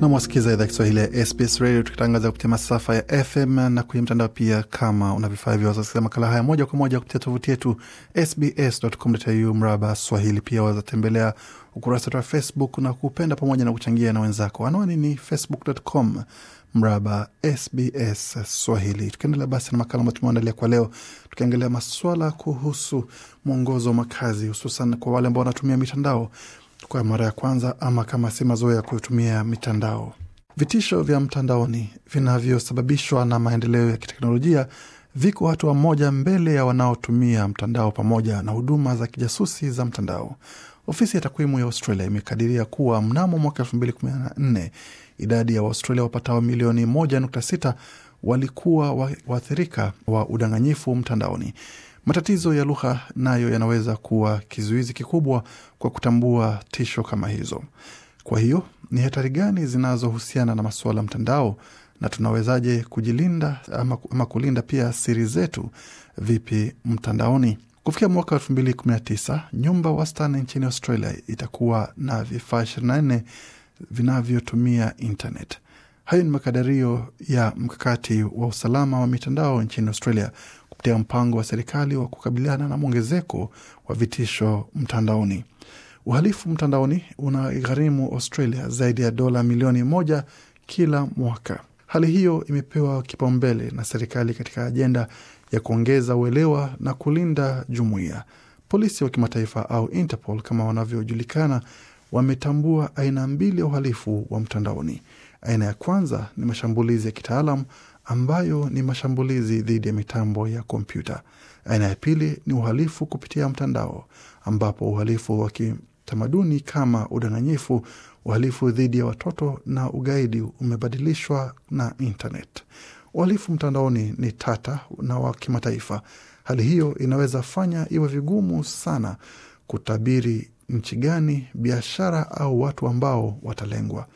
na mwasikiza idhaa Kiswahili ya SBS Radio tukitangaza kupitia masafa ya FM na kwenye mtandao pia. Kama una vifaa hivyo, wazasikiza makala haya moja kwa moja kupitia tovuti yetu sbs.com.au mraba swahili. Pia wazatembelea ukurasa wetu wa Facebook na kupenda pamoja na kuchangia na wenzako. Anwani ni facebook.com mraba SBS Swahili. Tukiendelea basi na makala ambayo tumeandalia kwa leo, tukiangalia maswala kuhusu mwongozo wa makazi, hususan kwa wale ambao wanatumia mitandao kwa mara ya kwanza ama kama si mazoea ya kutumia mitandao. Vitisho vya mtandaoni vinavyosababishwa na maendeleo ya kiteknolojia viko hatua moja mbele ya wanaotumia mtandao pamoja na huduma za kijasusi za mtandao. Ofisi ya takwimu ya Australia imekadiria kuwa mnamo mwaka 2014 idadi ya Waustralia wapatao milioni 1.6 walikuwa waathirika wa udanganyifu mtandaoni. Matatizo ya lugha nayo yanaweza kuwa kizuizi kikubwa kwa kutambua tisho kama hizo. Kwa hiyo ni hatari gani zinazohusiana na masuala mtandao, na tunawezaje kujilinda ama, ama kulinda pia siri zetu vipi mtandaoni? Kufikia mwaka elfu mbili kumi na tisa nyumba wastani nchini Australia itakuwa na vifaa 24 vinavyotumia internet. Hayo ni makadirio ya mkakati wa usalama wa mitandao nchini Australia kupitia mpango wa serikali wa kukabiliana na mwongezeko wa vitisho mtandaoni. Uhalifu mtandaoni unagharimu Australia zaidi ya dola milioni moja kila mwaka. Hali hiyo imepewa kipaumbele na serikali katika ajenda ya kuongeza uelewa na kulinda jumuiya. Polisi wa kimataifa au Interpol kama wanavyojulikana, wametambua aina mbili ya uhalifu wa mtandaoni. Aina ya kwanza ni mashambulizi ya kitaalam ambayo ni mashambulizi dhidi ya mitambo ya kompyuta. Aina ya pili ni uhalifu kupitia mtandao, ambapo uhalifu wa kitamaduni kama udanganyifu, uhalifu dhidi ya watoto na ugaidi umebadilishwa na internet. Uhalifu mtandaoni ni tata na wa kimataifa. Hali hiyo inaweza fanya iwe vigumu sana kutabiri nchi gani, biashara au watu ambao watalengwa.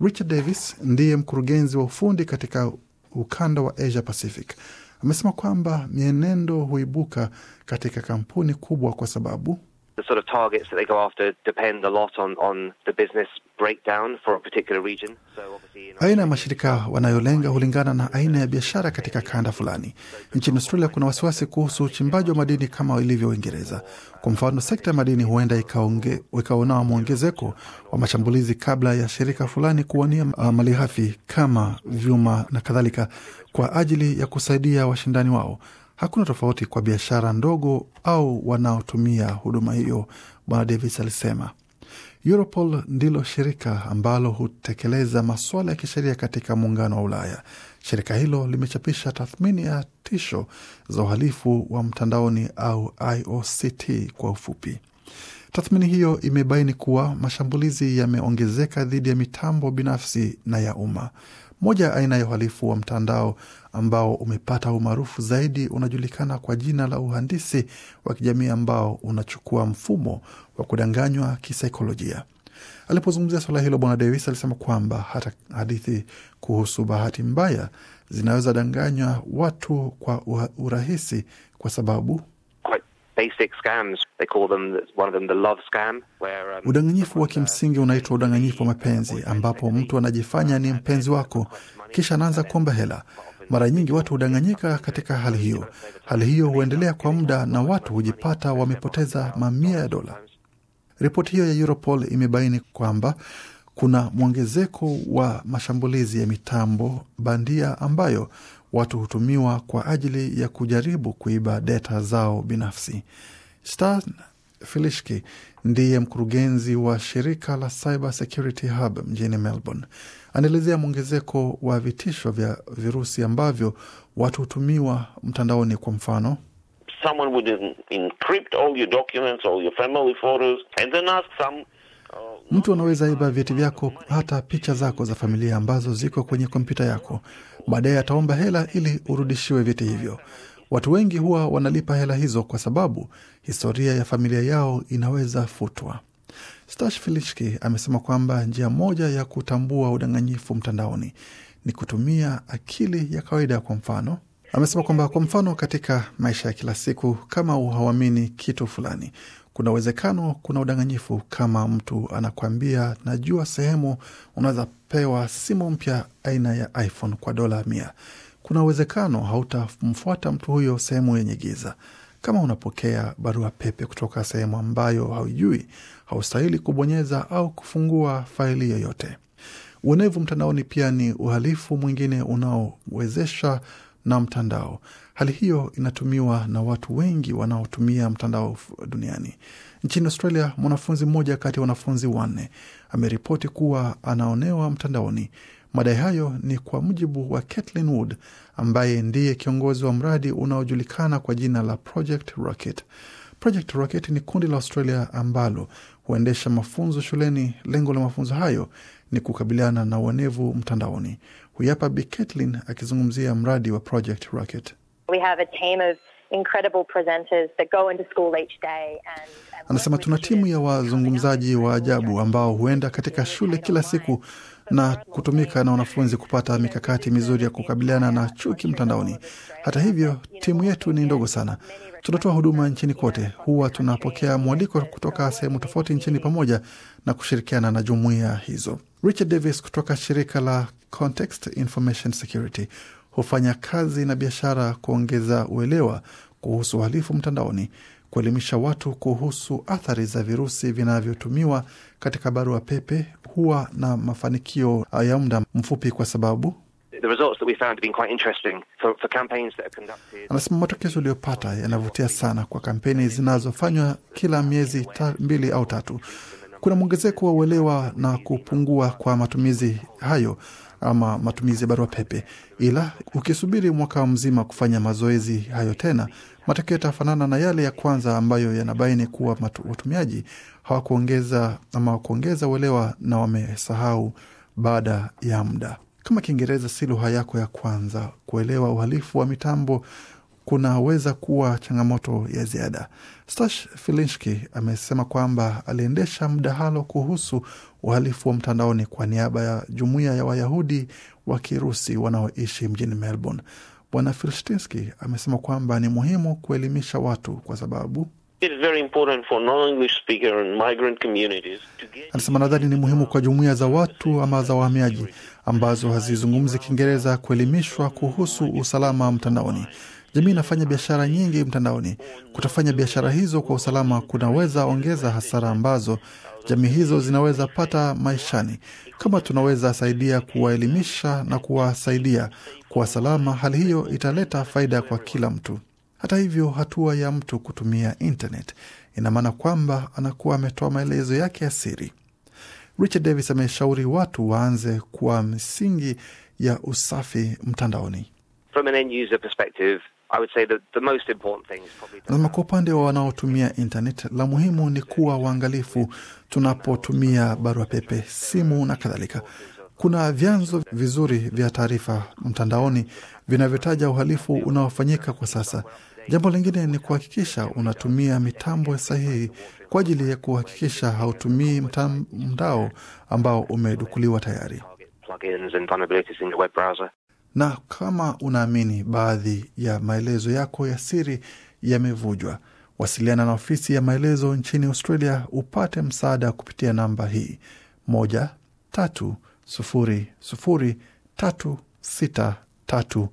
Richard Davis ndiye mkurugenzi wa ufundi katika ukanda wa Asia Pacific. Amesema kwamba mienendo huibuka katika kampuni kubwa kwa sababu the sort of targets that they go after depend a lot on, on the business breakdown for a particular region. So obviously... Aina ya mashirika wanayolenga hulingana na aina ya biashara katika kanda fulani. Nchini Australia kuna wasiwasi kuhusu uchimbaji wa madini kama ilivyo Uingereza. Kwa mfano, sekta ya madini huenda ikaona mwongezeko wa mashambulizi kabla ya shirika fulani kuwania uh, malighafi kama vyuma na kadhalika, kwa ajili ya kusaidia washindani wao hakuna tofauti kwa biashara ndogo au wanaotumia huduma hiyo, Bwana Davis alisema. Europol ndilo shirika ambalo hutekeleza masuala ya kisheria katika muungano wa Ulaya. Shirika hilo limechapisha tathmini ya tisho za uhalifu wa mtandaoni au IOCT kwa ufupi. Tathmini hiyo imebaini kuwa mashambulizi yameongezeka dhidi ya mitambo binafsi na ya umma. Moja ya aina ya uhalifu wa mtandao ambao umepata umaarufu zaidi unajulikana kwa jina la uhandisi wa kijamii ambao unachukua mfumo wa kudanganywa kisaikolojia. Alipozungumzia suala hilo, Bwana Davis alisema kwamba hata hadithi kuhusu bahati mbaya zinaweza danganywa watu kwa urahisi kwa sababu basic scams. They call them, one of them the love scam, where, um, udanganyifu wa uh, kimsingi unaitwa udanganyifu wa mapenzi ambapo mtu anajifanya ni mpenzi wako kisha anaanza kuomba hela. Mara nyingi watu hudanganyika katika hali hiyo. Hali hiyo huendelea kwa muda na watu hujipata wamepoteza mamia ya dola. Ripoti hiyo ya Europol imebaini kwamba kuna mwongezeko wa mashambulizi ya mitambo bandia ambayo watu hutumiwa kwa ajili ya kujaribu kuiba data zao binafsi. Stan Filishki ndiye mkurugenzi wa shirika la Cyber Security Hub mjini Melbourne. Anaelezea mwongezeko wa vitisho vya virusi ambavyo watu hutumiwa mtandaoni. Kwa mfano someone would encrypt all your documents, all your family photos, and then ask some Mtu anaweza iba vyeti vyako, hata picha zako za familia ambazo ziko kwenye kompyuta yako. Baadaye ataomba hela ili urudishiwe vyeti hivyo. Watu wengi huwa wanalipa hela hizo kwa sababu historia ya familia yao inaweza futwa. Stash Filishki amesema kwamba njia moja ya kutambua udanganyifu mtandaoni ni kutumia akili ya kawaida. Kwa mfano, amesema kwamba kwa mfano, katika maisha ya kila siku, kama hauamini kitu fulani kuna uwezekano kuna udanganyifu. Kama mtu anakwambia najua sehemu unaweza pewa simu mpya aina ya iPhone kwa dola mia, kuna uwezekano hautamfuata mtu huyo sehemu yenye giza. Kama unapokea barua pepe kutoka sehemu ambayo haujui, haustahili kubonyeza au kufungua faili yoyote. uenevu mtandaoni pia ni uhalifu mwingine unaowezesha na mtandao. Hali hiyo inatumiwa na watu wengi wanaotumia mtandao duniani. Nchini Australia, mwanafunzi mmoja kati ya wanafunzi wanne ameripoti kuwa anaonewa mtandaoni. Madai hayo ni kwa mujibu wa Caitlin Wood ambaye ndiye kiongozi wa mradi unaojulikana kwa jina la Project Rocket. Project Rocket ni kundi la Australia ambalo huendesha mafunzo shuleni. Lengo la mafunzo hayo ni kukabiliana na uonevu mtandaoni. Huyapa Bi Caitlin akizungumzia mradi wa Project Rocket. We have a team of incredible presenters that go into school each day and, and anasema tuna timu ya wazungumzaji wa ajabu ambao huenda katika shule kila siku na kutumika na wanafunzi kupata mikakati mizuri ya kukabiliana na chuki mtandaoni. Hata hivyo, timu yetu ni ndogo sana. Tunatoa huduma nchini kote, huwa tunapokea mwaliko kutoka sehemu tofauti nchini pamoja na kushirikiana na jumuiya hizo. Richard Davis kutoka shirika la Context Information Security hufanya kazi na biashara kuongeza uelewa kuhusu uhalifu mtandaoni, kuelimisha watu kuhusu athari za virusi vinavyotumiwa katika barua pepe. Huwa na mafanikio ya muda mfupi kwa sababu Anasema matokeo tuliyopata yanavutia sana kwa kampeni zinazofanywa kila miezi ta, mbili au tatu kuna mwongezeko wa uelewa na kupungua kwa matumizi hayo ama matumizi ya barua pepe, ila ukisubiri mwaka mzima kufanya mazoezi hayo tena, matokeo yatafanana na yale ya kwanza ambayo yanabaini kuwa watumiaji hawakuongeza ama kuongeza uelewa na wamesahau baada ya muda. Kama Kiingereza si lugha yako ya kwanza, kuelewa uhalifu wa mitambo kunaweza kuwa changamoto ya ziada. Stash Filinski amesema kwamba aliendesha mdahalo kuhusu uhalifu wa mtandaoni kwa niaba ya jumuiya ya Wayahudi wa Kirusi wanaoishi mjini Melbourne. Bwana Filstinski amesema kwamba ni muhimu kuelimisha watu kwa sababu anasema nadhani ni muhimu kwa jumuiya za watu ama za wahamiaji ambazo hazizungumzi Kiingereza kuelimishwa kuhusu usalama mtandaoni. Jamii inafanya biashara nyingi mtandaoni. Kutafanya biashara hizo kwa usalama kunaweza ongeza hasara ambazo jamii hizo zinaweza pata maishani. Kama tunaweza saidia kuwaelimisha na kuwasaidia kuwa salama, hali hiyo italeta faida kwa kila mtu. Hata hivyo, hatua ya mtu kutumia internet ina maana kwamba anakuwa ametoa maelezo yake ya siri. Richard Davis ameshauri watu waanze kuwa misingi ya usafi mtandaoni. From an end user perspective I would say the most important thing is probably... kwa upande wa wanaotumia internet, la muhimu ni kuwa waangalifu tunapotumia barua pepe, simu na kadhalika. Kuna vyanzo vizuri vya taarifa mtandaoni vinavyotaja uhalifu unaofanyika kwa sasa. Jambo lingine ni kuhakikisha unatumia mitambo sahihi kwa ajili ya kuhakikisha hautumii mtandao ambao umedukuliwa tayari na kama unaamini baadhi ya maelezo yako ya siri yamevujwa, wasiliana na ofisi ya maelezo nchini Australia upate msaada kupitia namba hii moja tatu sufuri sufuri tatu sita tatu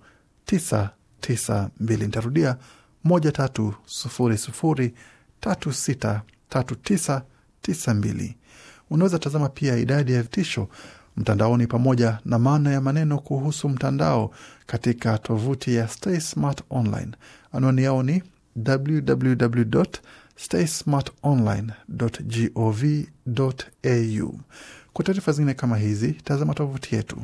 tisa tisa mbili. Nitarudia moja tatu sufuri sufuri tatu sita tatu tisa tisa mbili. Unaweza tazama pia idadi ya vitisho mtandaoni pamoja na maana ya maneno kuhusu mtandao katika tovuti ya Stay Smart Online. Anwani yao ni www au Kwa taarifa zingine kama hizi, tazama tovuti yetu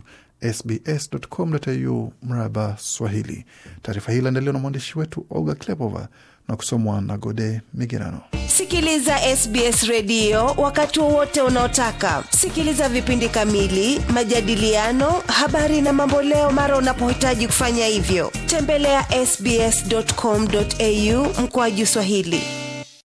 sbs.com.au mraba Swahili. Taarifa hii iliandaliwa na mwandishi wetu Olga Klepova na kusomwa na Gode Migerano. Sikiliza SBS redio wakati wowote unaotaka. Sikiliza vipindi kamili, majadiliano, habari na mamboleo mara unapohitaji kufanya hivyo. Tembelea ya sbs.com.au mkoaju Swahili.